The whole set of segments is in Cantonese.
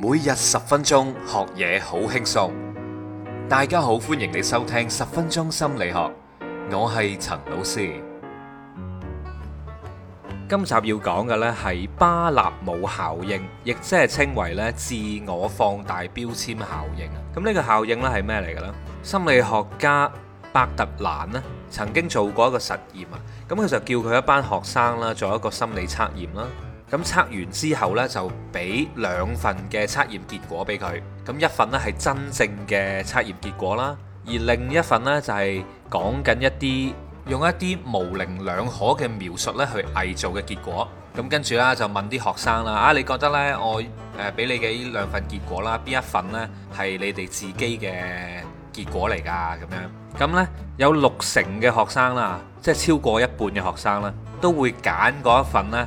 每日十分鐘學嘢，好輕鬆，大家好，歡迎你收聽十分鐘心理學，我係陳老師。今集要講嘅呢係巴納姆效應，亦即係稱為呢自我放大標籤效應。咁呢個效應呢係咩嚟嘅呢？心理學家伯特蘭呢曾經做過一個實驗啊，咁佢就叫佢一班學生啦做一個心理測驗啦。咁測完之後呢，就俾兩份嘅測驗結果俾佢。咁一份呢係真正嘅測驗結果啦，而另一份呢就係講緊一啲用一啲模棱兩可嘅描述呢去偽造嘅結果。咁跟住啦，就問啲學生啦，啊，你覺得呢？我誒俾你嘅呢兩份結果啦，邊一份呢？係你哋自己嘅結果嚟㗎？咁樣咁呢，有六成嘅學生啦，即係超過一半嘅學生啦，都會揀嗰一份呢。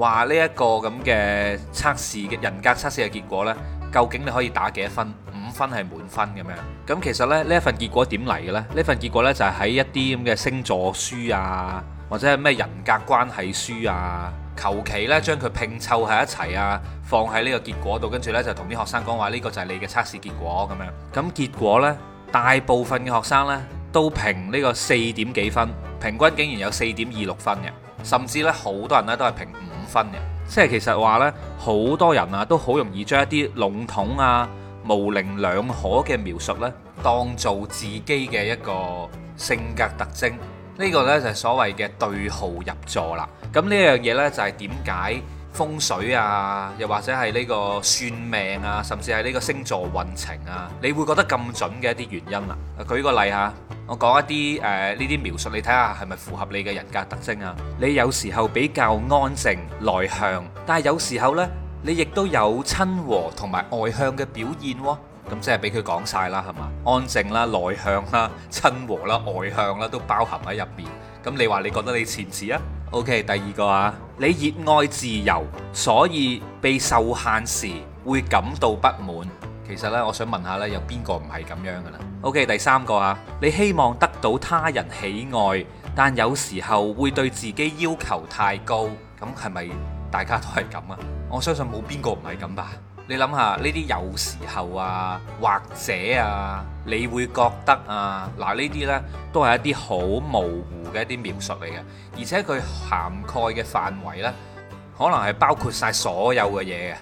話呢一個咁嘅測試嘅人格測試嘅結果呢，究竟你可以打幾多分？五分係滿分咁樣。咁其實咧，呢一份結果點嚟嘅呢？呢份結果呢，就係喺一啲咁嘅星座書啊，或者係咩人格關係書啊，求其呢將佢拼湊喺一齊啊，放喺呢個結果度，跟住呢，就同啲學生講話呢個就係你嘅測試結果咁樣。咁結果呢，大部分嘅學生呢，都評呢個四點幾分，平均竟然有四點二六分嘅，甚至呢，好多人呢都係評五分嘅，即係其實話呢好多人啊都好容易將一啲籠統啊、模棱兩可嘅描述呢當做自己嘅一個性格特徵。呢個呢就係所謂嘅對號入座啦。咁呢樣嘢呢，就係點解風水啊，又或者係呢個算命啊，甚至係呢個星座運程啊，你會覺得咁準嘅一啲原因啦。舉個例吓，啊。我講一啲誒呢啲描述，你睇下係咪符合你嘅人格特徵啊？你有時候比較安靜內向，但係有時候呢，你亦都有親和同埋外向嘅表現喎。咁即係俾佢講晒啦，係嘛？安靜啦，內向啦，親和啦，外向啦，都包含喺入邊。咁你話你覺得你似唔似啊？OK，第二個啊，你熱愛自由，所以被受限時會感到不滿。其實咧，我想問下咧，有邊個唔係咁樣噶啦？OK，第三個啊，你希望得到他人喜愛，但有時候會對自己要求太高，咁係咪大家都係咁啊？我相信冇邊個唔係咁吧。你諗下呢啲有時候啊，或者啊，你會覺得啊，嗱呢啲呢都係一啲好模糊嘅一啲描述嚟嘅，而且佢涵蓋嘅範圍呢，可能係包括晒所有嘅嘢嘅。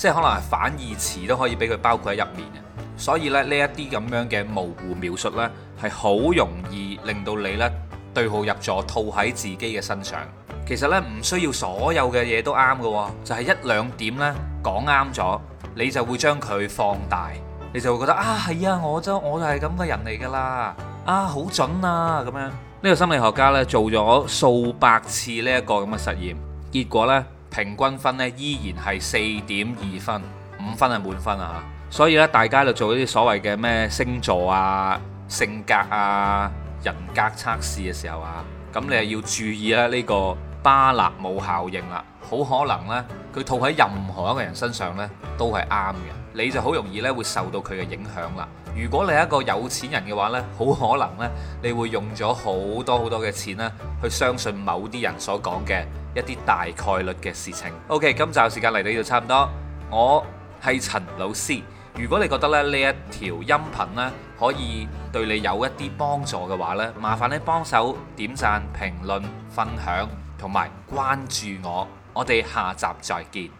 即係可能係反義詞都可以俾佢包括喺入面嘅，所以咧呢一啲咁樣嘅模糊描述呢，係好容易令到你咧對號入座，套喺自己嘅身上。其實呢，唔需要所有嘅嘢都啱㗎喎，就係、係、一兩點呢講啱咗，你就會將佢放大，你就會覺得啊係啊，我都我就係咁嘅人嚟㗎啦，啊好準啊咁樣。呢個心理學家呢，做咗數百次呢一個咁嘅實驗，結果呢，平均分咧依然係四點二分，五分係滿分啊。所以咧，大家就做呢啲所謂嘅咩星座啊、性格啊、人格測試嘅時候啊，咁你係要注意啦、啊、呢、呢個巴納姆效應啦，好可能呢，佢套喺任何一個人身上呢，都係啱嘅。你就好容易咧，會受到佢嘅影響啦。如果你係一個有錢人嘅話呢，好可能呢，你會用咗好多好多嘅錢呢，去相信某啲人所講嘅一啲大概率嘅事情。OK，今集時間嚟到呢度差唔多，我係陳老師。如果你覺得咧呢一條音頻呢，可以對你有一啲幫助嘅話呢，麻煩你幫手點讚、評論、分享同埋關注我。我哋下集再見。